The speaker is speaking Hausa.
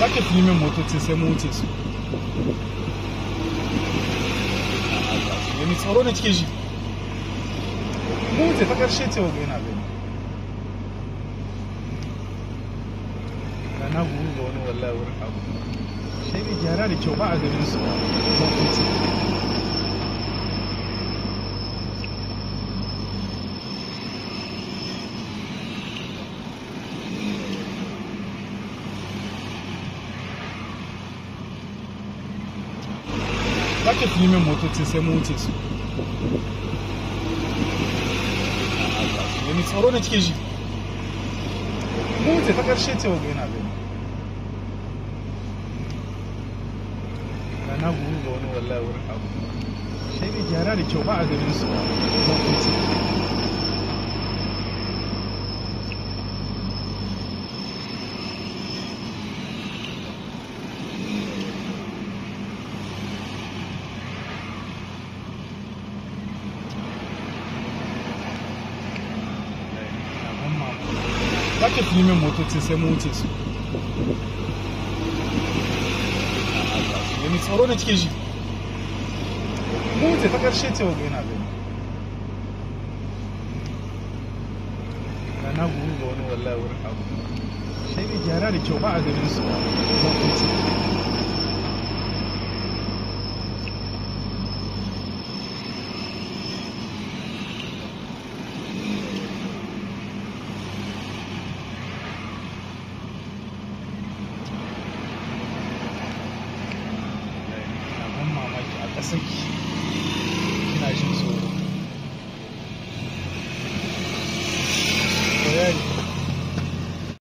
ma filmin motocin sai mu wuce su gani tsaro na cikin shi mu wuce ta ƙarshe ce wa yana gani rana guru ga wani wallahi wurin abu sai da gyara da kyau ba a ganin su za fi min motocin sai mu wuce su wani tsaro na cikin shi mu wuce ta ƙarshe ce wago yana gani guru ga wani wallahi wurin abu sai da gyara da kyau ba a ganin su aka fi min motocin sai mu wuce su tsaro cikin shi wuce ta ƙarshe ce wa yana gani kana guru ga wani wallahi wurin abu shi gyara da kyau ba a ganin su ba assim.